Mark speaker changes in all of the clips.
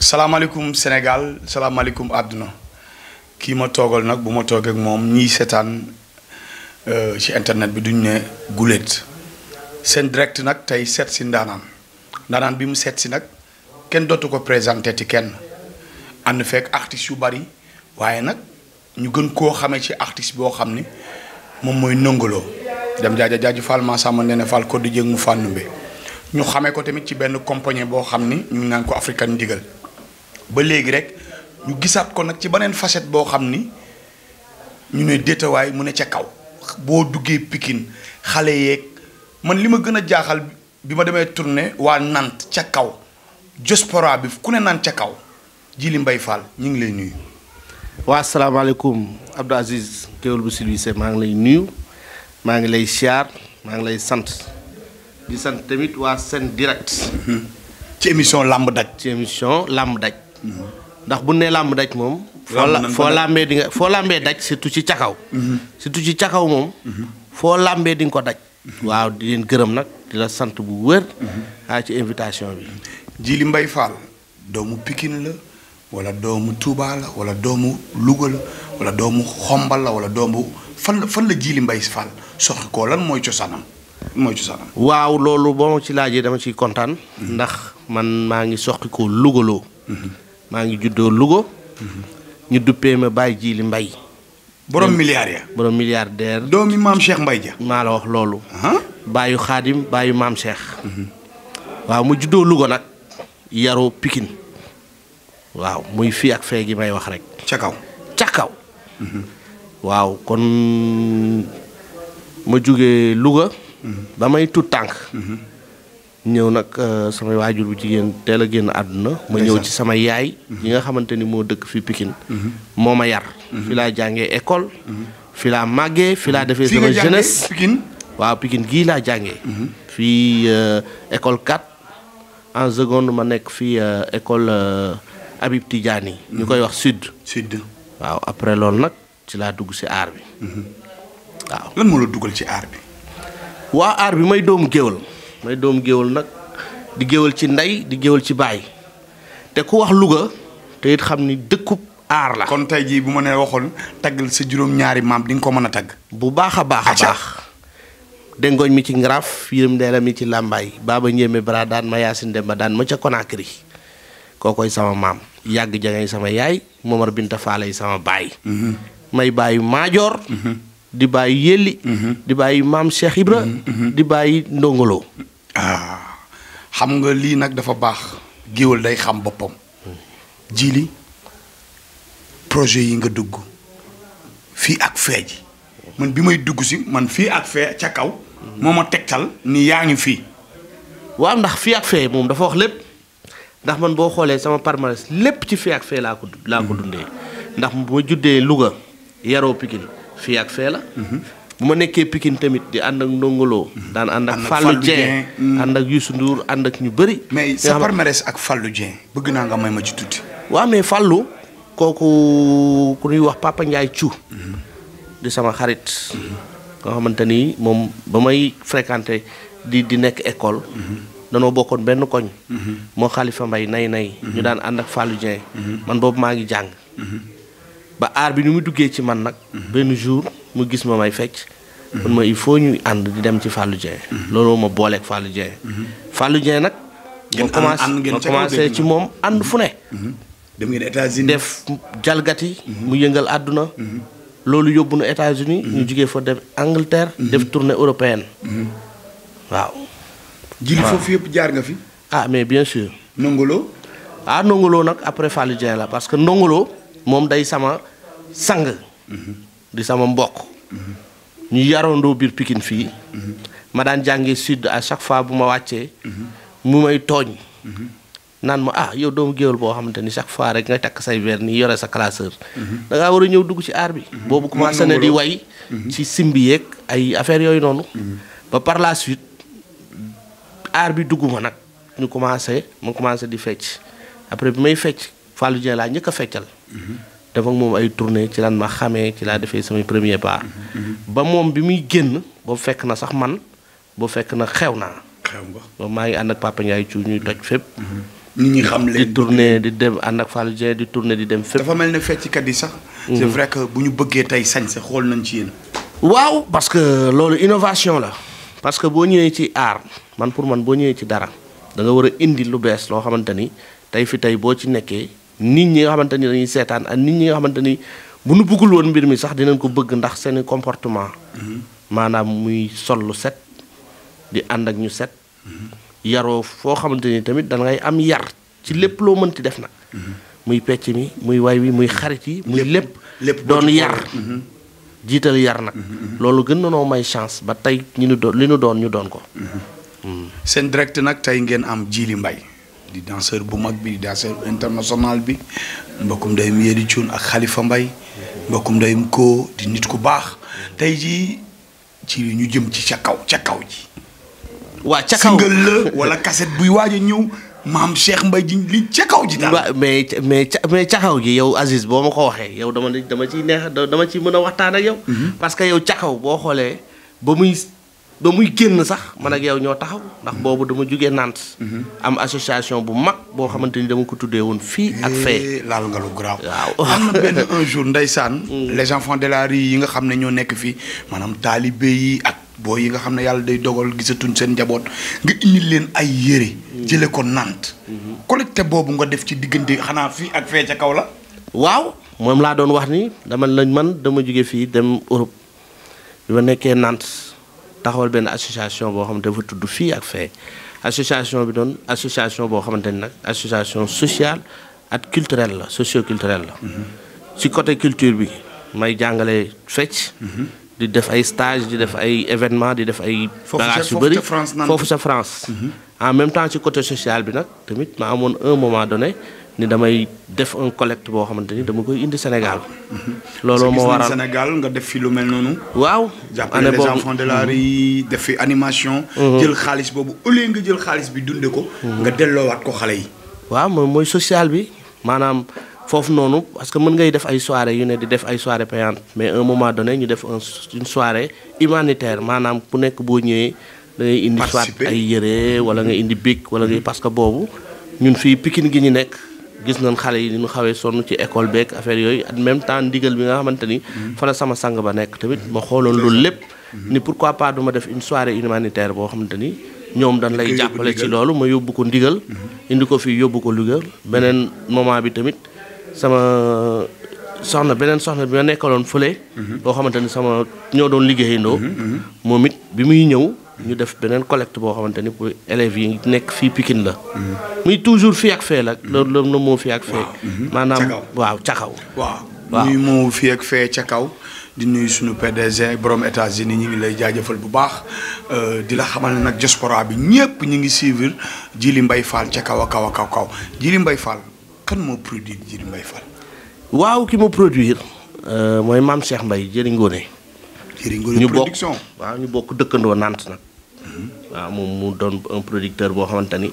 Speaker 1: salaamaaleykum Sénégal salaamaaleykum àdduna kii ma toogal nag bu ma toogee ak moom ñiy seetaan ci internet bi duñ ne guléet seen direct nag tey seet si ndaanaan ndaanaan bi mu seet si nag kenn dootu ko présenté ti kenn ànd fekk artistes yu bari waaye nag ñu gën koo xamee ci artiste boo xam ni moom mooy nongaloo dem jaaja jaaju Fall Massamba nee na Fall ko di jéeg mu fànnumbe ñu xamee ko tamit ci benn compagnie boo xam ni ñu ngi ko African Ndigal ba léegi rek ñu gisaat ko nag ci beneen facette boo xam ni ñu ne déetawaay mu ne ca kaw boo duggee pikin xale yeeg man li ma gën a jaaxal bi ma demee tournée waa Nant ca kaw diaspora bi ku ne naan ca kaw Djily Mbaye Fall ñu ngi lay nuyu
Speaker 2: waa asalaamaaleykum Abdou Aziz Géwél bu Silvissé maa ngi lay nuyu maa ngi lay siyaar maa ngi lay sant di sant tamit waa Sen Direct mhm. ci émission làmb daj ci émission làmb daj mhm. ndax bu ne làmb daj moom foo làmbee di foo làmbee daj surtout ci cakaw mhm. surtout ci cakaw moom foo làmbee di nga ko daj waaw di leen gërëm nag di la sant bu wër waa ci invitation bi
Speaker 1: Djily mbay Fall doomu Pikine la wala doomu Touba la wala doomu lugal, wala doomu xombal la wala doomu fan fan la jili mbay fal sox ko lan mooy cosaanam moy cosaanam.
Speaker 2: waaw loolu boo ci laajee dama ci contane ndax man mangi ngi soxi ko Louga loo. maa ngi juddoo Louga. ñu duppé ma bay jili mbay. borom milliard ya borom milliardaire. doomi mam Cheikh Mbay ja ma la wax loolu. bayu khadim bayu mam Cheikh. waaw mu juddo lugo nak yaro Pikine. waaw muy fii ak fee gi may wax rek. ca kaw ca kaw. Mhm. waaw kon ma jóge Louga. Mhm. ba may tut tànk. Mhm. ñëw nag euh, sama waajur bu jigéen teel a génn àdduna. ma ñëw ci sama yaay. yi nga xamante ni moo dëkk fi pikin moo ma yar. fi laa jàngee école. fi laa màggee fi laa defee. sama jeunesse Pikine. waaw Pikine gii laa jàngee. fii euh, école 4 en seconde ma nekk fii euh, école. Habib Tidiane ñu koy wax sud sud waaw après lool nak ci la dugg si art bi mhm. waaw lan mo la duggal ci art bi wa art bi may dom geewal may dom geewal nak di geewal ci
Speaker 1: nday di geewal ci bay te ku wax luga te it xamni ni dekup arla. la kon tay ji bu ma nyari waxon tagal sa juroom ñaari mam di nga ko mën tag bu baax a baax a
Speaker 2: dengoñ mi ci mi ci lambay baba bradan demba dan ma ca konakri kokoy sama mam yag jangay sama yaay Momar Binta falay sama -hmm. may mm mayor mhm. di mm -hmm. di bay
Speaker 1: mam Cheikh Ibra mhm. Mhm. di bay ndongolo ah xam nga li nak dafa bax giwol day xam boppam jili projet yi nga dugg fi ak feji man bi may dugg si man fi ak fe ca kaw ni yaangi fi, wa dah ndax fi ak fe mom dafa wax
Speaker 2: lepp ndax man boo xoolee sama palmarès lépp ci fii ak fee laa ko laa ko dundee ndax bu ma juddee Louga yaroo Pikine fii ak la bu ma nekkee Pikine tamit di ànd ak ndongoloo daan ànd ak Fallou Dieng hmm. ànd ak Youssou Ndour ànd ak ñu bëri mais sa palmarès ak Fallou Dieng bëgg naa nga may ma ci tuuti mais Fallou kooku ku ñuy wax Papa Ndiaye Thiou di sama xarit hmm. nga xamante ni moom ba di di nekk école hmm. danoo bokkoon benn koñ. Mhm. moo xalifa mbay nay nay. Mhm. ñu daan ànd ak Fallou Dieng. Mhm. man boobu maa ngi jàng. ba aar bi ni mu duggee ci man nag. benn jour mu gis ma may fecc. man ma il faut ñuy ànd di dem ci Fallou Dieng. looloo ma booleeg Fallou Dieng. Fallou Dieng nag. ma commencé ma commencé ci moom ànd fu ne. def jalgati. mu yëngal àdduna. loolu yóbbu na États-Unis ñu jugee fa def Angleterre. def tournée européenne. waaw jili ah. foofu yëpp jaar nga fi. ah mais bien sûr. nongolo. ah nongolo nak, après fallu Dieng la parce que nongolo mom day sama sang. Mhm. di sama mbokk. Mhm. ñu yarandoo bir Pikine -hmm. ma dan jangé sud à chaque fois buma waccé mhm. mu may tooñ. nan ma ah yow doom geewul bo xamanteni chaque fois rek nga tak say verre ni yoré sa classeur. da nga wara ñew dugg ci art bi. bobu commencé na di way. ci simbi yek ay affaire yoy nonu ba par la suite. aar bi dugg ma nag ñu commencé ma commencé di fecc après bi may fecc Fallu Dieng laa njëkk a feccal def ak moom ay tournée ci lan ma xamee ci laa defee samay premier pas ba moom bi muy génn ba fekk na sax man ba fekk na xew naa boobu maa ngi ànd ak Papa Ndiaye ci ñuy toj fépp
Speaker 1: nit ñi xam leen di tourné di dem ànd ak Fallu Dieng di tourné di dem fépp dafa mel ne fecckat yi sax c'est mhm. vrai que bu ñu bëggee tey sañse xool nañ ci yéen
Speaker 2: waaw parce que loolu innovation la parce que boo ñëwee ci art man pour man bo ñëwee ci dara da nga wara indi lu bess lo xamanteni tay fi tay bo ci nekké nit ñi nga xamanteni dañuy sétane ak nit ñi nga xamanteni bu ñu bëggul won mbir mi sax dinañ ko bëgg ndax seen comportement manam mm-hmm. muy sol set di and ak ñu set mm-hmm. yaro fo xamanteni tamit da ngay am yar ci lo mën ti def nak mm-hmm. muy pecc mi muy way wi muy xarit yi muy lepp
Speaker 1: lepp doon yar
Speaker 2: jital yar nak lolu gën na no may chance ba
Speaker 1: ñi ñu nu doon li ñu doon ñu doon ko seen direct nag tey ngeen am Djily mbay di danseur bu mag bi di danseur international bi mbokkum ndeyum Yéri Cuun ak xalifa mbay mbokkum ndeyum koo di nit ku baax tey jii ci ñu jëm ci ca kaw ca kaw ji. waa ca kaw la wala cassette buy waaj a ñëw maam Cheikh Mbaye ji li ca kaw ji.
Speaker 2: daal mais mais ca mais ca kaw ji yow Aziz boo ma ko waxee yow dama dama ciy neex dama ciy mën a waxtaan ak yow. Mm-hmm. parce que yow ca kaw boo xoolee ba muy. ba muy génn sax man ak yow ñoo taxaw ndax boobu dama jugee Nantes. Mhm. am association
Speaker 1: bu mag boo xamante ni dama ko tuddee woon fii ak fee. Eh, laal nga lu graaw waaw. am na benn un ndeysaan. Mm. les enfants de la rue yi nga xam ne ñoo nekk fii maanaam taalibe yi ak booy yi nga xam ne yàlla day dogal gisatuñ seen njaboot nga indil leen ay yére. Mm. jële ko Nantes. Mm-hmm. collecte boobu nga def ci diggante xanaa fii ak fee ca kaw la. waaw moom laa
Speaker 2: doon wax ni dama lañ man dama jugee fii dem Europe bi nekkee Nantes. taxawal benn association boo xam ne dafa tudd fii ak fee association bi doon association boo xamante ni nag association sociale ak culturelle la socio socioculturelle la. ci mhm. côté culture bi may jàngale fecc. Mhm. di def ay stage di def ay événement di def ay. bagages yu bëri foofu sa France. Mhm. en même temps ci côté social bi nag tamit ma amoon un moment donné. ni damay def un collecte bo xamanteni dama koy indi Senegal lolo mo waral
Speaker 1: Senegal nga def fi lu mel nonou waw jàppale les enfants de la mhm. rue def fi animation. Mhm. jël xaalis bobu au lieu nga jël xaalis bi dundé ko. Mhm. nga wat ko xalé yi. waw moy mooy social bi manam fof nonou parce que mën ngay def ay
Speaker 2: soirée yu ne di def ay soirée payante mais un moment donné ñu def une soirée humanitaire manam ku nekk bo ñëwé da ngay indi soit ay yéré wala nga indi bik wala ngay parce que bobu ñun fi pikine gi ñu nekk. gis nañ xale yi ni ñu xawee sonn ci école beeg affaire yooyu en temps ndigal bi nga xamante ni sama sang ba nekk tamit ma xooloon loolu lépp ni pourquoi pas du ma def une soirée humanitaire boo xamante ni ñoom dañ lay jàppale ci loolu ma yóbbu ko ndigal mhm. indi ko fii yóbbu ko Louga beneen moment bi tamit sama soxna beneen soxna bi ma nekkaloon fële mhm. boo xamante ni sama ñoo doon liggéeyandoo mhm, moom it bi muy ñëw ñu def beneen collecte boo xamante ni pour élèves yi nekk fii Pikine la. muy toujours fii ak fee la. loolu loolu moo fi ak fee. Mhm. maanaam waaw ca kaw.
Speaker 1: waaw muy moo fii ak fee ca kaw. di nuyu suñu PDG borom États-Unis ñu ngi lay jaajëfal bu baax euh, di la xamal ne nag diaspora bi ñëpp ñu ngi jii li mbay Fall ca kaw a kaw a kaw kaw Djily mbay Fall kan moo produire Djily Mbaye Fall. waaw ki ma produire
Speaker 2: euh, mooy maam Cheikh mbay jëriñ ngoone. jëriñ ñu bokk waaw ñu bokk dëkkandoo nant nag. waaw mm-hmm. ah, moom mu doon un producteur boo xamante ni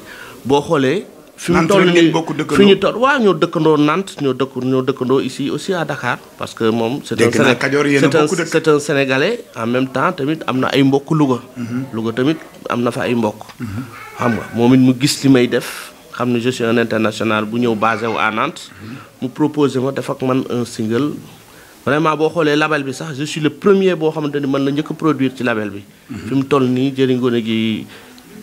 Speaker 2: boo xoolee. fi mu toll nii fi ñu toll waaw ñoo dëkkandoo nant ñoo dëkk ñoo dëkkandoo ici aussi à Dakar. parce que moom c' est un sénégalais en même temps tamit am na ay mbokk Louga. Mm-hmm. Louga tamit am na fa ay mbokk. Mm-hmm. xam nga moom it mu gis li may def xam ne je suis un bu ñëw basé wu à Nantes. mu proposé ma def ak man un single. vraiment boo xoolee label bi sax je suis premier boo xamante ni man la njëkk a produire ci label bi. Mhm. fi mu toll nii Jëri Ngoné gi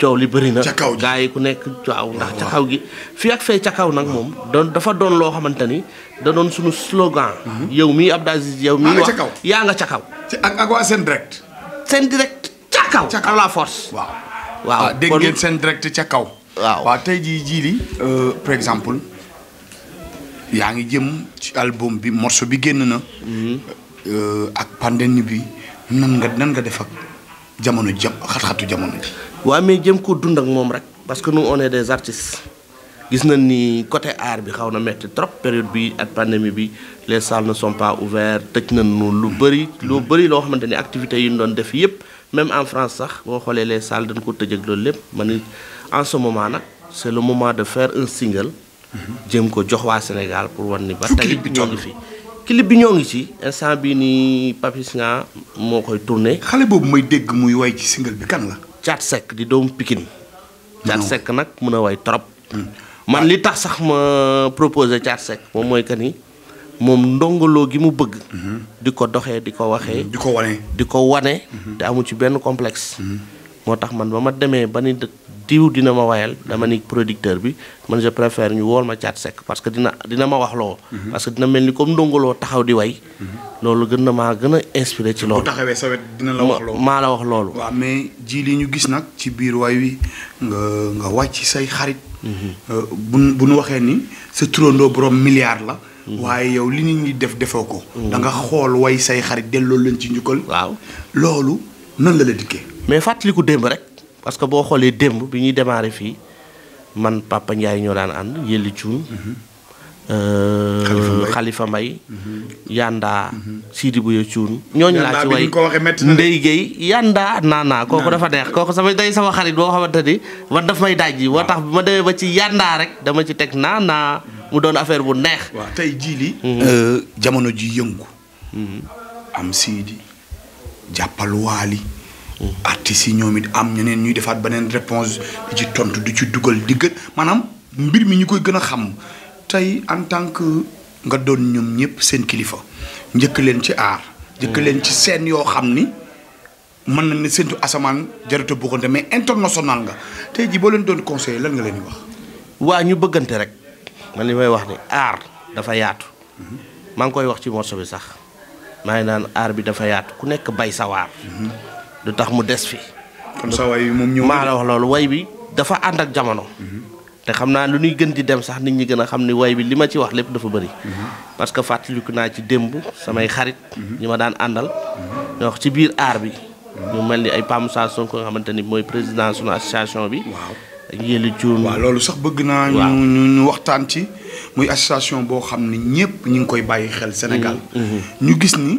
Speaker 2: coow li bëri na. ca kaw gaa yi ku nekk waaw ndax ca kaw gi. fii ak fee ca kaw nag moom. doon dafa doon loo xamante ni da doon suñu slogan. Mhm. yow mii Abdou Aziz yow mii wax yaa nga ca kaw. ak ak waa seen direct. seen direct
Speaker 1: ca kaw. ca kaw la force. waaw waaw ah, dégg seen direct ca kaw. waaw waaw tey jii jii li euh, par exemple. yaa ngi jëm ci album bi morceau bi génn na. Mhm. Euh, ak pandémie bi nan nga nan nga def ak
Speaker 2: jamono jëm xat-xatu jamono ji. waaw mais jëm ko dund ak moom rek parce que nous on est des artistes gis na ni côté art bi xaw na metti trop période bi ak pandémie bi les salles ne sont pas ouvertes tëj nañu lu bëri. lu bëri loo xamante ni activités yi ñu doon def yëpp même en France sax boo xoolee les salles dañ ko tëj ak loolu lépp ni en ce moment nag c'est le moment de faire un single. jëm ko jox wa Sénégal pour wan ni ba tey ñoo ngi fi clip bi ñoo ngi ci instant bi ni Papis nga mo koy tourner xalé bobu may dégg muy way ci single bi kan la chat sec di doom Pikine Chat sek nak mëna way trop hmm. man ah. li tax sax ma proposer chat sec mo moy kan ni mom ndongolo gi mu bëgg hmm. di doxé diko di diko wané hmm. di wané wane amu ci ben complexe motax man bama démé bani diw dina ma wayal dama ni producteur bi man je préfère ñu wol ma chat sec parce que dina dina ma wax lo mhm. parce que dina melni comme ndongolo taxaw di way mhm. lolu gëna ma gëna inspiré ci lolu bu
Speaker 1: taxawé sa wét dina la wax lolu
Speaker 2: ma la wax lolu wa
Speaker 1: mais ji li ñu gis nak ci biir way wi nga nga wacc say xarit bu ñu waxé ni ce trondo borom milliard la mhm. waye yow li nit ñi def defoko da nga xol way say xarit delloo leen ci ñukol waaw lolu nan la la diké
Speaker 2: mais fatlikou demb rek parce que boo xoolee démb bi ñuy démarré fii man Papa Ndiaye ñoo daan ànd Yelli Cuun Xalifa Mbay Yanda bu Buya Cuun ñooñu laa ci way Ndey Géey Yanda naanaa kooku dafa neex kooku sama day sama xarit boo xamante ni man daf may daj yi moo tax ma demee ba ci Yanda rek dama ci teg naanaa mu doon affaire bu neex waaw
Speaker 1: tey jii li mhm. euh, jamono ji yëngu mhm. am Sidi jàppal Waali Mm. artiste si ñoom am ñeneen ñuy defaat benen réponse di ci tontu di ci duggal di gën manam mbir mi ñu koy gën xam tay en tant que nga doon ñoom ñepp seen kilifa njëkk leen ci aar njëkk leen ci seen yoo xam ni mën nañ ne séntu asamaan jarata buxante mais international nga tay ji bo leen doon conseil lan nga leen wax wa ñu bëggante rek man limay wax ni aar dafa yaatu mm-hmm. maa koy wax ci
Speaker 2: morso bi sax maa naan aar bi dafa yaatu ku nekk bay sa waar mm-hmm. du tax mu des fi. kon sa way moom ñëw maa la wax loolu way bi dafa ànd ak jamono. Mm-hmm. te xam naa lu ñuy gën di dem sax nit ñi gën a xam ne way bi li ma ci wax lépp dafa bari mm-hmm. parce que fàttaliku naa ci démb samay xarit. Mm-hmm. ñi ma daan àndal. ñoo wax ci biir aar bi. ñu mel ni ay PAM Sassou ko nga xamante ni mooy président sunu association bi. waaw
Speaker 1: yéen a waaw loolu sax bëgg naa. ñu ñu waxtaan ci. muy association boo xam ne ñëpp ñu ngi koy bàyyi xel Sénégal. ñu gis ni.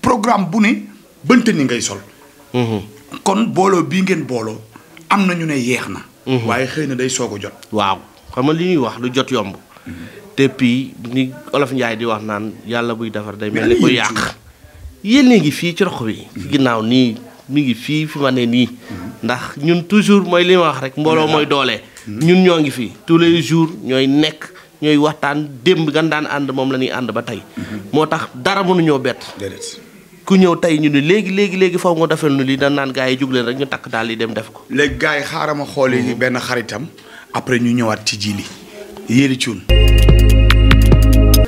Speaker 1: programme bu ne bënt ni ngay sol. Mhm. kon booloo bii ngeen booloo am na ñu ne yeex na. Mhm. waaye xëy na day soog a jot. waaw xam
Speaker 2: nga li ñuy wax lu jot yomb. Mhm. depuis ni olof Ndiaye di wax naan yàlla buy defar day mel ni ko yàq. yéen ngi fii ci roq bi. ginnaaw nii mu ngi fii fu ma ne nii. ndax ñun toujours mooy li wax rek. mbooloo ah. mooy doole. ñun ñoo ngi fii tous les jours ñooy nekk. ñooy waxtaan démb gan daan ànd moom la ñuy ànd ba tey. moo tax dara mënuñoo bett. ku ñëw tey ñu ni léegi léegi léegi faw nga defal nu lii dañ naan gaa yi jug leen
Speaker 1: rek ñu takk daal di dem def ko. léegi gars yi xaaral ma xooli ni mhm. benn xaritam après ñu ñëwaat ci ji li yéeli cuun.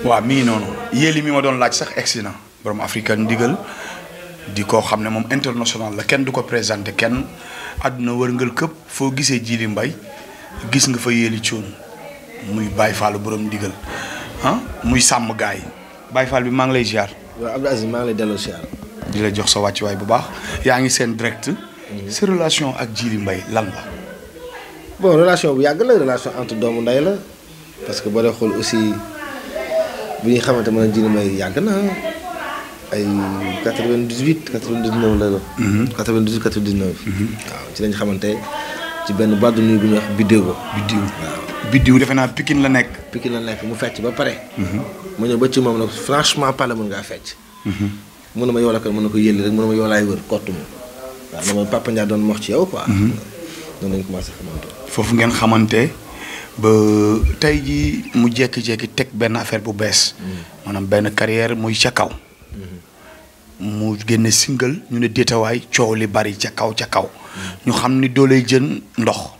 Speaker 1: waaw mi ngi noonu yéeli mi ma doon laaj sax egsi na borom africain ndigal di koo xam ne moom international la kenn du ko présenté kenn àdduna wërngal këpp foo gisee ji mbay gis nga fa yéeli cuun. muy Baye Fall borom ndigal ah muy sàmm gaay yi Baye Fall bi maa ngi lay ziar. waaw lay delloo ziar. di la jox sa wàccuwaay bu baax yaa ngi seen direct. Mhm. si relation ak Djily Mbaye lan la.
Speaker 3: bon relation bu yàgg la relation entre doomu ndey la parce que boo dee xool aussi bu ñuy xamante man Djily Mbaye yàgg na ay 98 99 la la. 98 mhm. 99. Mhm. waaw ci lañ xamante ci benn bàddu nuyu bu ñuy wax biddéew ba. bidiw defé na pikin la nek pikin la nek mu fecc ba pare. mu ñu ba ci mom nag franchement pa la mën nga fecc. mu ne ma yola la ko mën na ko yëlli rek mu ne ma yola ay wër kottu mu da ma papa Ndiaye
Speaker 1: doon wax ci yow quoi. noonu lañ commencé xamanté fofu ngeen xamanté ba tay ji mu jek jek tek ben affaire bu bees. manam ben carrière muy ci kaw. mu genn single ñu ne détaway ciow li bari ci kaw ci kaw. ñu xamni ni dooley jën ndox.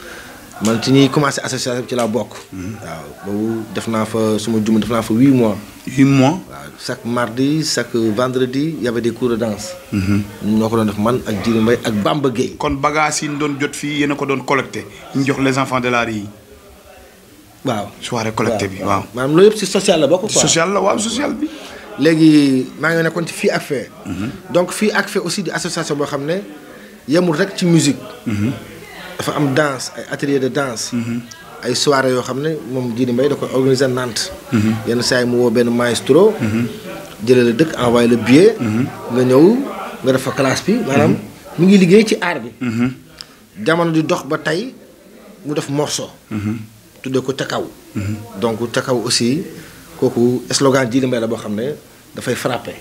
Speaker 3: man ci commencé association ci la bokk. waaw boobu def fa suma mois. mois chaque mardi chaque vendredi il y avait des cours de danse. Mhm. ñoo ko doon def man
Speaker 1: ak ak Bamba Gay. kon a les enfants de la rue waaw soirée collecté bi waaw. maanaam loolu social la bokk quoi social la waaw
Speaker 3: social bi. léegi ngi ci mhm. donc fii ak aussi di association rek musique. Mhm. dafa am danse ay atelier de danse. Mm-hmm. ay soirée yoo xam ne moom Djily Mbaye da koy organiser Nantes. Mm-hmm. yenn saa yi mu woo benn maestro. Mm-hmm. jële la dëkk envoyé le billet. nga ñëw nga def fa classe bi. maanaam mu ngi liggéey ci art bi. jamono di dox ba tey mu def morceau. tuddee ko ca kaw. donc ca kaw aussi kooku slogan Djily
Speaker 1: Mbaye la boo xam ne dafay frappé.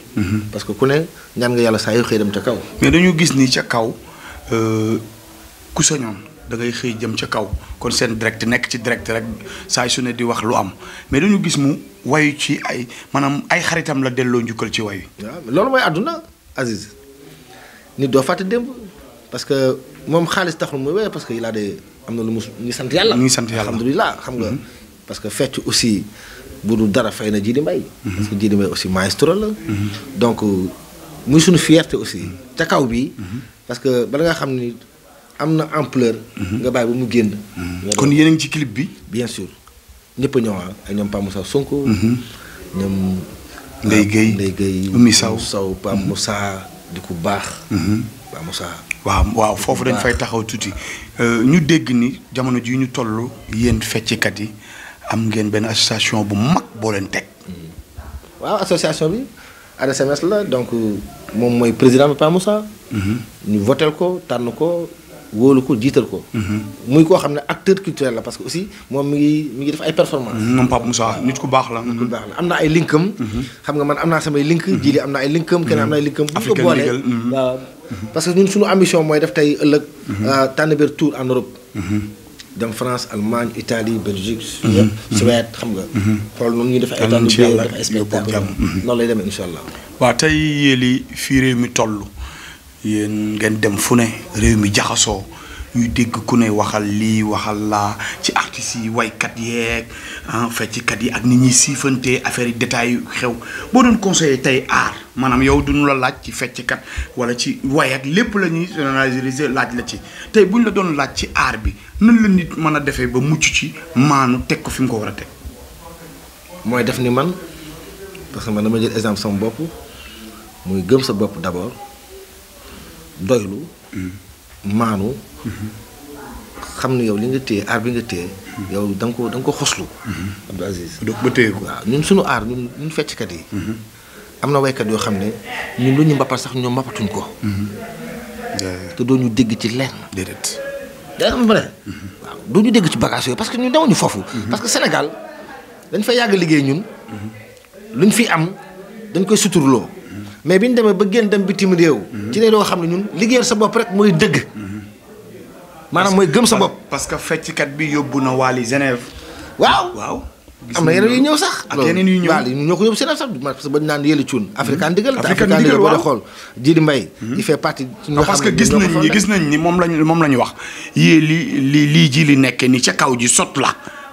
Speaker 1: parce que ku ne ñaan nga yàlla saa yu xëy dem ca kaw. mais dañu gis ni ca kaw euh, ku soñoon. da ngay xëy jëm ca kaw kon seen direct nekk ci direct rek saa su ne di wax lu am mais dañu gis mu wayu ci ay maanaam ay xaritam la delloo njukkal ci wayu loolu mooy àdduna Aziz nit doo
Speaker 3: fàtte démb parce que moom xaalis taxul muy wéy parce que il a des am na lu mu ñu sant yàlla. ñu ngi sant yàlla alhamdulilah xam nga. Mm-hmm. parce que fecc aussi bu du dara fay na Djily Mbaye. Mm-hmm. parce que Djily Mbaye aussi la. Mm-hmm. donc euh, muy suñu fierté aussi. ca kaw bi. parce que bala nga xam ni. amna ampleur. Mhm. nga bàyyi bu mu genn mhm. kon yéen ngi ci clip bi. bien sûr ñëpp a ñëw ah. ak ñoom Pape Moussa Sonko. Mhm. ñoom.
Speaker 1: Ndeye Guèye Ndeye Guèye Oumy Sow Sow Pape Moussa di ku bax Pape Moussa. waaw waaw fofu dañ fay taxaw tuti euh, ñu dégg ni jamono ji ñu tollu yeen yéen kat yi am ngeen benn association bu mag bo len tek
Speaker 3: waaw association bi ADSMS la donc euh, moom mooy président bi Pape ñu votel ko tànn ko. wóolu ko jiital ko. muy koo xam ne acteur culturel la parce que aussi moom mi ngi mi ngi def ay performances. moom Pape Moussa nit ku baax la. nit ku baax la am na ay linkam. xam nga man am naa samay link. ji li am na ay linkam kenn am na ay linkam. bu ñu ko boolee waaw. parce que ñun suñu ambition mooy def tey ëllëg. Tanébér tour en Europe. dem France Allemagne
Speaker 1: Italie Belgique. Suède xam nga. xool nu ñuy def ay. tànn ci yàlla yóbbu ak jàmm ay spectacle noonu lay demee incha allah. waa tey yéeli fii réew mi toll. yéen ngeen dem fu ne réew mi jaxasoo ñuy dégg ku ne waxal lii waxal laa ci artistes yi waykat yeeg ah fecckat yi ak nit ñi siifante affaire yi détails xew boo doon conseillé tey aar maanaam yow duñu la laaj ci fecckat wala ci way lépp la ñuy généraliser laaj la ci tey buñ la doon laaj ci aar bi nan la nit mën a defee ba mucc ci maanu teg ko fi mu ko war a teg. mooy def ni man
Speaker 3: parce que man dama jël exemple sama bopp muy gëm sa bopp d'abord. doylu hmm. maanu hmm. xam ne yow li nga téye aar bi nga téye hmm. yow da nga ko da ko xoslu Abdou Aziz ba téye ko waaw ñun suñu aar ñun fecckat yi am na waykat yoo xam ne ñun lu ñu mbappat sax ñoom mbappatuñ ko te doo ñu dégg ci lenn déedéet yaa xam vrai doo ñu dégg ci bagage yooyu parce que ñu dewuñu foofu parce que Sénégal dañ fay yàgg liggéey ñun luñ fi am dañ koy suturloo mais bi ñu demee ba génn dem bitim réew. ci lay doo xam ne ñun liggéeyal sa bopp
Speaker 1: rek mooy dëgg. maanaam mooy gëm sa bopp. parce que fecckat bi yóbbu na Wally Genève. waaw waaw. am na yeneen yu ñëw sax. ak yeneen yu ñëw loolu ñoo ko yóbbu Genève sax parce que bañ naan yële cuun. Hmm. African Ndigal te African Ndigal boo dee xool Djily Mbaye.
Speaker 3: Hmm. il fait partie ci que gis nañ ni gis
Speaker 1: nañ ni moom lañu moom la ñu wax yéen li lii jii li nekkee ni ca kaw ji sot la.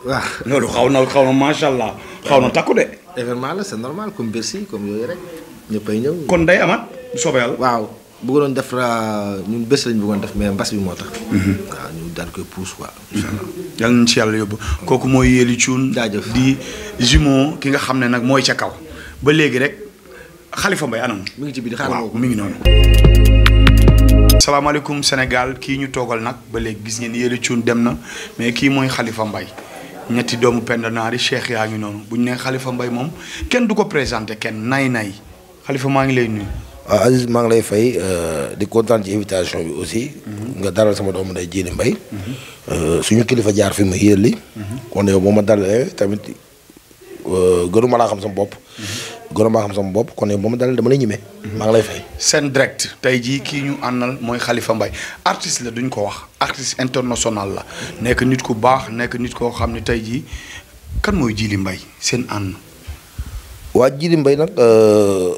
Speaker 1: waaw ah. loolu xaw na xaw na macha allah xaw na takku de. événement c'est normal comme
Speaker 3: Bercy comme yooyu
Speaker 1: rek ñëppay ñëw.
Speaker 3: kon day amaat ah, bu waaw yàlla. doon bëggoon def
Speaker 1: ñun bés lañ bëggoon def mais mbas bi moo tax. Mhm. waaw ñu daan koy pousse quoi. incha mhm. allah yal nañu ci yàlla yóbbu kooku mooy Yelli Cuun. jaajëf di jumeau ki nga xam ne nag mooy ca kaw ba léegi rek Xalifa Mbay anam. mi ngi ci biir xaaral waaw mi ngi noonu. salaamaaleykum Sénégal kii ñu toogal nag ba léegi gis ngeen Yelli dem na mais kii mooy Xalifa Mbay ñetti doomu Penda Naari Cheikh yaa ngi noonu buñ nee Khalifa mbay moom kenn du ko présenté kenn nay nay xalifa maa ngi lay nuyu.
Speaker 3: waaw ah, maa ngi lay fay euh, di kontaan ci invitation bi aussi. Mhm. nga dalal sama doom day Diéli Mbaye. Mhm. Euh, suñu kilifa jaar fi ma yéeli. Mhm. kon yow boo ma dalalee tamit euh, gënu ma laa xam sama bopp. goro maa xam sama bopp kon moom daal dama lay ñemee.
Speaker 1: Mhm. maa ngi lay fay. seen direct tey jii kii ñu àndal mooy xalifa mbay artiste la duñ ko wax artiste international la nekk nit ku baax nekk nit koo xam ne tey jii kan mooy Djily Mbaye seen ànd. waa Djily Mbaye
Speaker 3: nag euh,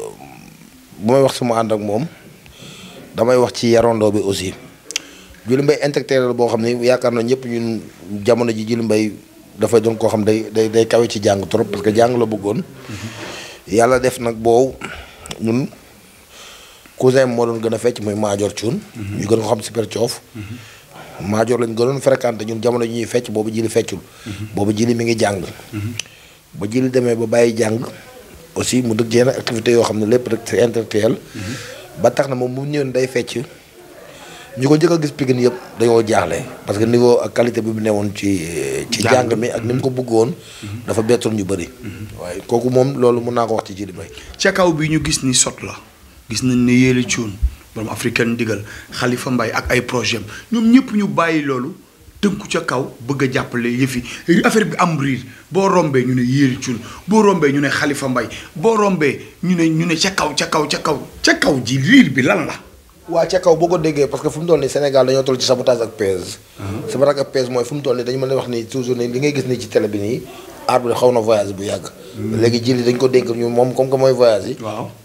Speaker 3: bu may wax sama ànd moom damay wax ci yarandoo bi aussi Djily Mbaye intellectuel la boo xam ne yaakaar na ñëpp ñun jamono ji Djily mbay dafay doon koo xam day day day kawe ci jàng trop parce que jàng la bëggoon. Mhm. yàlla def nag boobu ñun cousin moo doon gën a fecc muy Maajoor Cuun mhm. ñu gën ko xam super coof Maajoor mhm. lañ gënoon fréquenté ñun jamono ñuy fecc boobu jili feccul mhm. boobu jili mi ngi jàng ba jili demee ba bàyyi jàng aussi mu dëgg yenn activité yoo xam ne lépp rek c'est intellectuel ba tax na moom mu ñëwoon day fecc ñu ko njëkk a gis Pikine yëpp dañoo jaaxle parce que niveau ak qualité bi mu newoon ci ci jàng mi ak ni mu ko bëggoon dafa bettoon ñu bëri waaye kooku moom loolu mun naa ko wax ci Djily Mbaye
Speaker 1: ca kaw bi ñu gis ni sot la gis nañ ne yéeli cuun borom african digal xalifa mbay ak ay projet ñoom ñëpp ñu bàyyi loolu tënku ca kaw bëgg a jàppale yëfi affaire bi am riir boo rombee ñu ne yéeli boo rombee ñu ne Khalifa Mbaye boo rombee ñu ne ñu ne ca kaw ca kaw ca kaw kaw ji la waa ca kaw boo ko déggee
Speaker 3: parce que fu mu toll mooy fu mu toll nii dañu mën wax ni toujours ni li ngay gis nii ci télé bi nii arbre bi xaw na voyage bu yàgg. Hmm. léegi jili dañ ko dénk ñu moom comme que mooy voyage yi.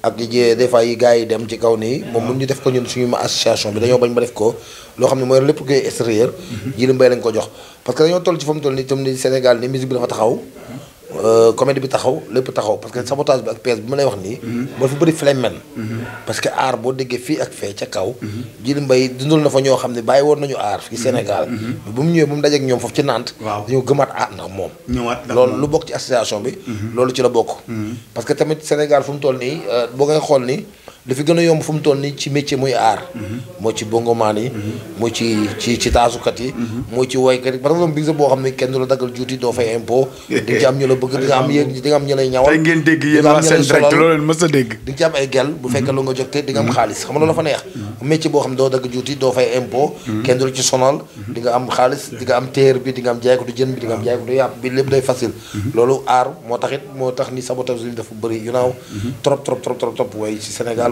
Speaker 3: ak yi des yi gars yi dem ci kaw nii. moom mun ñu def ko ñun suñu association bi dañoo bañ ba def ko loo xam ne mooy lépp koy extérieur. Hmm. jili mbay lañ ko jox parce dañoo toll ci fa toll nii itam ni Sénégal ni musique bi dafa taxaw. Hmm. Euh, comédie bi taxaw lépp taxaw parce que sabotage bi ak PS bi ma lay wax nii. Mhm. boo fa bëri fi lay mel. parce que aar boo déggee fii ak fee ca kaw. Mhm. jili mbay dundal na fa ñoo xam ne bàyyi woon nañu aar. fii mhm. Sénégal. bu mu ñëwee bu mu dajeeg ñoom foofu ci Nantes. waaw dañoo gëmaat aar ndax moom.
Speaker 1: ñëwaat loolu lu
Speaker 3: bokk ci association bi. loolu ci la bokk. parce que tamit Sénégal fu mu toll nii euh, boo ngay xool nii. li fi gën a yomb fu mu toll nii ci métier muy aar. moo ci bongomaan yi. moo ci ci ci taasukat yi. moo ci woykat yi par exemple bi boo xam ne kenn du la daggal juuti doo fay impôt. di nga ci am ñu la bëgg di nga am yéen di nga am ñu lay ñawal. tey ngeen dégg yéen waa seen direct loolu leen mës dégg. di ci am ay gel bu fekkee lu nga jot di nga am xaalis xam nga la fa neex. métier xam juuti fay impôt. kenn la ci sonal. di nga am xaalis di nga am téer bi di nga am jaaykatu jën bi di nga am jaaykatu yàpp bi lépp day facile. loolu aar moo tax ni sabotage li dafa bëri yu naaw mhm. trop trop trop trop way ci Sénégal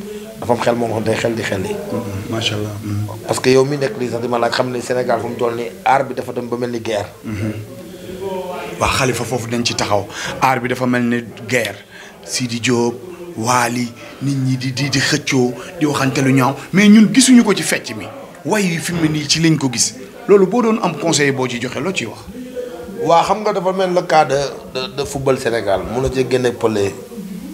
Speaker 3: dafa am xel moom xam day xel di xel yi. macha allah. parce que yow mi nekk lii sax di ma laaj xam ne Sénégal fu mu toll nii aar bi dafa dem ba mel ni guerre.
Speaker 1: waaw xalifa foofu dañ ci taxaw aar bi dafa mel ni guerre Sidi Diop Waly nit ñi di di di xëccoo di waxante lu ñaaw mais ñun gisuñu ko ci fecc mi way fi mu ne nii ci lañ ko gis loolu boo doon am conseil boo ci joxee loo ciy wax. waa xam nga dafa mel le cas
Speaker 3: de football Sénégal mun na cee génne pële.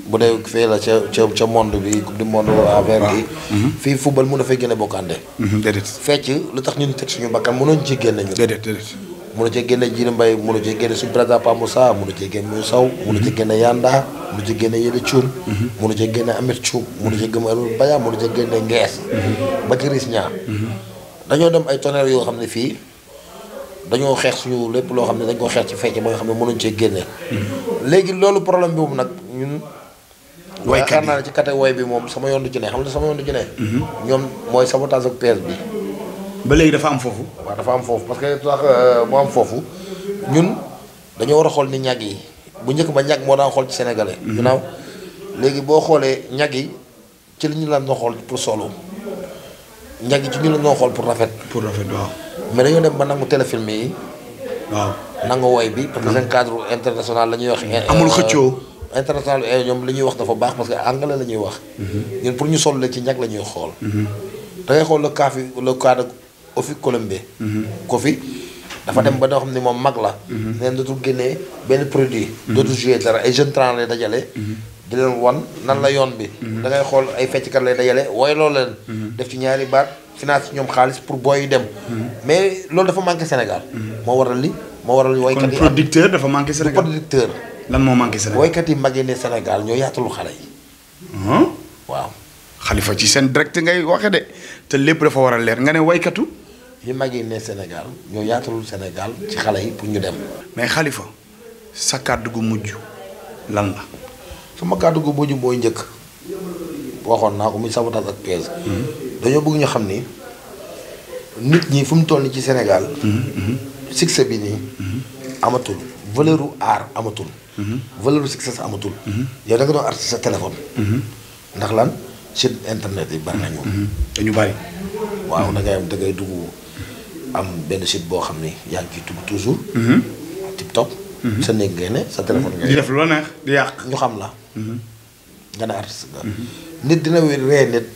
Speaker 3: bu dee fee la ca ca ca monde bi coupe du monde bi mhm. fii football mun na fa gën a bokkaande mhm, déedéet fecc lu tax ñun teg suñu bakkan mënoon ci génn ñun déedéet déedéet mënu ci génne Djily Mbaye mënu ci génne suñu président Pa Moussa mënu ci génne muy saw mënu ci génne Yanda mënu ci génne Yéli Thioum mhm. mënu ci génne Ameth Thioum mënu ci génne Alioune Baya mënu ci génne Ngees ba ci Riis ñaa dañoo dem ay tonnerre yoo xam ne fii dañoo xeex suñu lépp loo xam ne dañ ko xeex ci fecc ba nga xam ne mënuñ cee génne léegi loolu problème boobu nag waykat yi naa ci kate woy bi moom sama yoon du ci ne xam nga sama yoon du ci ne. Mhm. ñoom mooy sabotage ak PS bi. ba léegi dafa am foofu. waaw dafa am foofu parce que tax euh, mu am foofu ñun dañoo war a xool ni ñag yi bu njëkk ba ñag moo daan xool ci mhm. yu ginnaaw léegi boo xoolee ñag yi ci li ñu lan doon xool pour solo ñag ci ñu la xool pour rafet. pour rafet waaw. mais dañoo ne ba nangu téléfilm yi. waaw nangu woy bi. parce que seen cadre international la ñuy wax. amul euh, xëccoo. international bi eh, ñoom li ñuy wax dafa baax parce que anglais la ñuy wax. Mhm. ñun pour ñu sol la ci ñag la ñuy xool. Mhm. da xool le cas fi le cas de Kofi mhm. Kofi dafa dem ba nga xam ne moom mag la. neen dootul génnee benn produit. dootul joué dara ay jeunes talents lay dajale. di leen wan nan la yoon bi. da ngay xool ay fecckat lay dajale wooy loolu leen. def ci ñaari baat finance ñoom xaalis pour booy dem. mais loolu dafa manqué Sénégal. moo waral li moo waral. wooykat yi
Speaker 1: dafa manqué Sénégal producteur. lan moo Senegal, Sénégal woykat yi magi ne Sénégal ñoo yaatul xale yi. waaw. xalifa ci seen direct ngay waxe de te lépp dafa war leer nga ne yi magi ne ñoo yaatalul Sénégal ci xale yi pour ñu dem. mais xalifa sa kàddu gu mujj
Speaker 3: lan la. sama kàddu gu mujj mooy njëkk waxoon naa ko muy sabotage ak piège. Hmm. dañoo bëgg ñu nit ñi fu mu toll hmm, hmm. succès bi amatul valeuru aar amatul. Mm-hmm. valeur succès amatul. Mm-hmm. yow da nga doon artiste sa téléphone. Mm-hmm. ndax lan site internet yi bari nañu. dañu bari. waaw da ngay am da ngay am benn site boo xam ni yaa ngi ciy tudd toujours. tip sa néeg ngay ne sa téléphone ngay di def lu
Speaker 1: neex di ñu xam la. nga ne artiste nga.
Speaker 3: nit dina wér ree nit.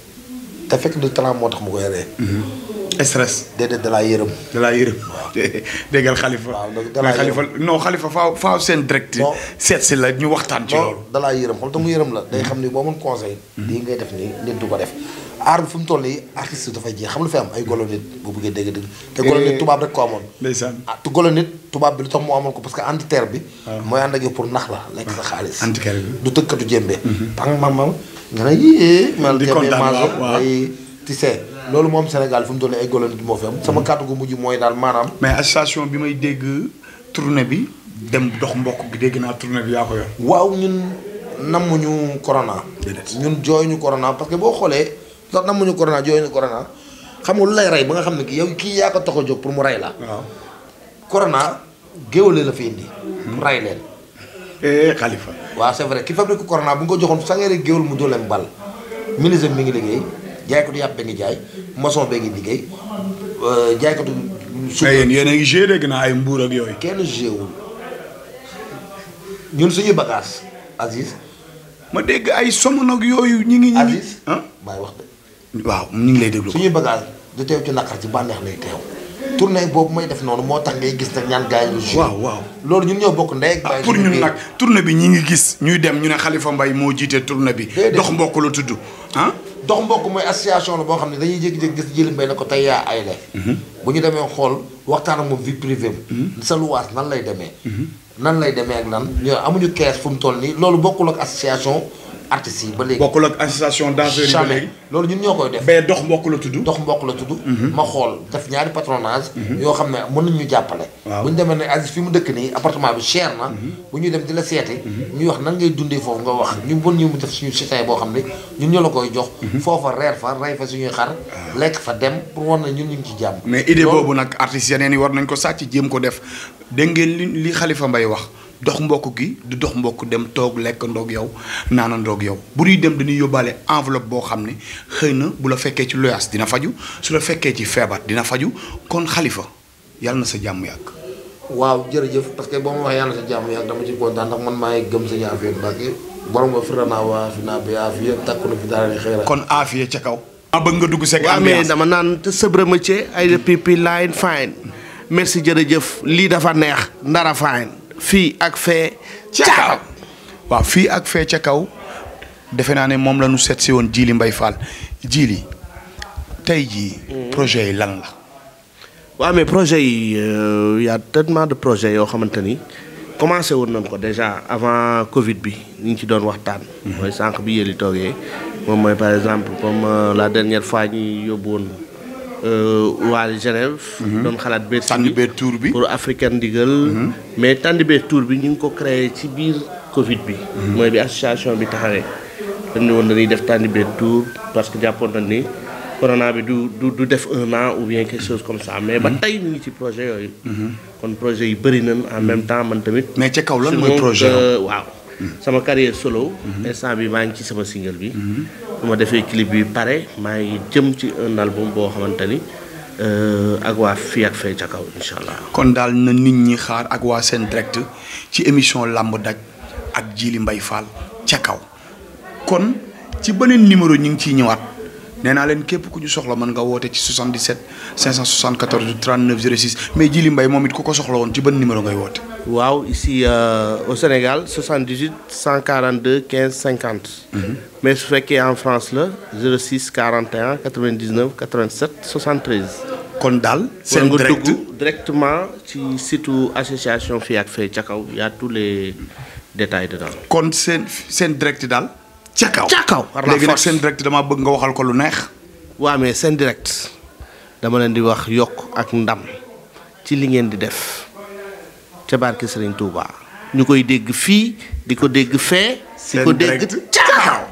Speaker 1: te fekk du talent moo tax mu koy ree mm-hmm. stress. déedéet da laa yërëm. da laa yërëm déggal xalifa. waaw da xalifa fa xalifa seen direct. seet si la ñu waxtaan ci loolu. non
Speaker 3: da laa yërëm xam te mu yërëm la. day xam ni boo mën conseil. Mm-hmm. lii ngay def nii nit du ko def. aar bi mu toll nii artiste dafay jeex xam lu fi am ay golo nit boo bëggee dégg dégg te golo eh. tubaab rek ko amoon ah, te golo nit tubaab bi lu tax mu amoon ko parce que bi ah. mooy ànd ak yow la lekk sa ah. xaalis antiquaire bi du tëkkatu jémbee mhm. pang mam mam nga ne yii mal jémbee maaso
Speaker 1: ay loolu moom Sénégal fi mu toll nii ay golo sama mhm. kàddu mooy daal maanaam mais association bi may dégg tournée bi dem dox mbokk bi dégg naa tournée bi yaa ko yor waaw ñun nammuñu corona ñun jooy ñu corona parce que boo xoolee
Speaker 3: na ndax ñu corona jooyuñu corona xam nga lu lay rey ba nga xam ne kii yow kii yaa ko tax a jóg pour mu rey la. waaw corona la fi indi. mu hmm. rey leen. eh xalifa. waaw c'est vrai ki fabrique corona bu nga ko joxoon sànqee géwal mu dooleem bal ministre mi ngi liggéey jaaykatu yàpp ba ngi jaay maçon ngi liggéey euh, jaaykatu. su eh,
Speaker 1: yéen yéen a yooyu. kenn gérer wul ñun suñuy bagage Aziz. ma dégg ay somono ak yooyu ñu ngi. ñu waaw ñu ngi lay déglu suñuy bagage du teew ci naqar ci bànneex lay teew tournée boobu may def noonu moo tax ngay gis nag ñaan gars yi waaw waaw loolu ñun ñoo bokk ndey ak ah, baay pour nag tournée bi ñi ngi gis ñuy dem ñu ne Khalifa Mbaye moo jiite tournée bi dox mbokk la tudd ah dox mbokk mooy association la boo xam ne dañuy jékki-jékki gis jëli mbay na ko tey yaa ay mhm. bu ñu demee xool
Speaker 3: waxtaan ak moom vie privée mhm. sa luwaas nan lay demee mhm. nan lay demee ak nan ñoo amuñu kees fu mu toll nii loolu bokkul ak association artistes yi ba léegi. bokkul ak association danseurs loolu ñun ñoo koy def. mais dox mbokk la tudd. dox mbokk la tudd. Mhm. ma xool def ñaari patronage. Mhm. yoo xam ne mën nañ ñu jàppale. waaw bu ñu demee ne Aziz fi mu dëkk nii appartement bi cher na. Mhm. ñuy dem di la seeti. ñuy wax nan ngay dundee foofu nga wax ñu mën ñu def suñu citoyen boo xam ne ñun ñoo la koy jox. foofa
Speaker 1: reer fa rey fa ah. lekk fa dem pour war na ñun ñu ngi ci jàmm. mais idée boobu nag artistes yeneen yi war nañ ko sàcc jéem ko def dégg ngeen li li Khalifa Mbaye wax dox mbokk gi du dox mbokk dem toog lekk ndoog yow naana ndoog yow bu ñuy dem dañuy yóbbaale enveloppe boo xam ne xëy na bu la fekkee ci loyaas dina faju su la fekkee ci feebar dina faju kon xalifa yàlla sa jàmm yàgg.
Speaker 3: waaw jërëjëf parce que boo ma waxee yàlla na sa gëm sañu affaire Mbacke borom xëy na. kon aafiya ca
Speaker 2: kaw. maa nga dugg sek ambiance dama naan te sëbra ma ci ay pipi line fine
Speaker 1: merci jërëjëf lii dafa neex ndara fine fi ak fe ca kaw waaw fii ak fe ca kaw defe naa ne moom la ñu seet si woon Fall jili tay ji projet yi lan la wa mais projet
Speaker 2: yi euh, y a tellement de projets yo xamanteni commencé won nañ ko déjà avant Covid bi ñu ci doon waxtaan moy mhm. sank bi yeli togué mom moy par exemple comme euh, la dernière fois ñi yóbbu Euh, waa Genève. Mhm. doon xalaat beer tànnibee tour bi pour African Ndigal. Mhm. mais tànnibee tour bi ñu ngi ko créé ci biir Covid bi. Mhm. mooy bi association bi taxawee. dañ ne woon dañuy def tànnibee tour parce que jàppoon nañ ni corona bi du du du def un an ou bien que chose comme ça. mais ba tey ñu ngi ci projet yooyu. kon projet yi bëri na en même temps man tamit. mais ca kaw lan mooy projet waaw. sama carrière solo. Mhm. instant bi maa ngi ci sama single bi. bu mhm. ma clip bi
Speaker 1: ngi ci un album boo xamante ni euh, ak ak kon daal na nit ñi xaar ak direct ci émission numéro nénalen képp 77 574 39 06 mais Mbaye soxla
Speaker 2: ici au Sénégal 78 142 15 50. mais su en France la 06 41 99 87 73. kon daal directement site association fii ak y' a tous les détails dedans.
Speaker 1: kon seen direct ca kaw kaw léegi nag seen direct damaa bëgg nga waxal ko lu neex. waaw mais seen direct dama leen di wax yokk ak ndam
Speaker 2: ci li ngeen di def ca barke Serigne Touba ñu koy dégg fii di ko dégg fee. di ko dégg ca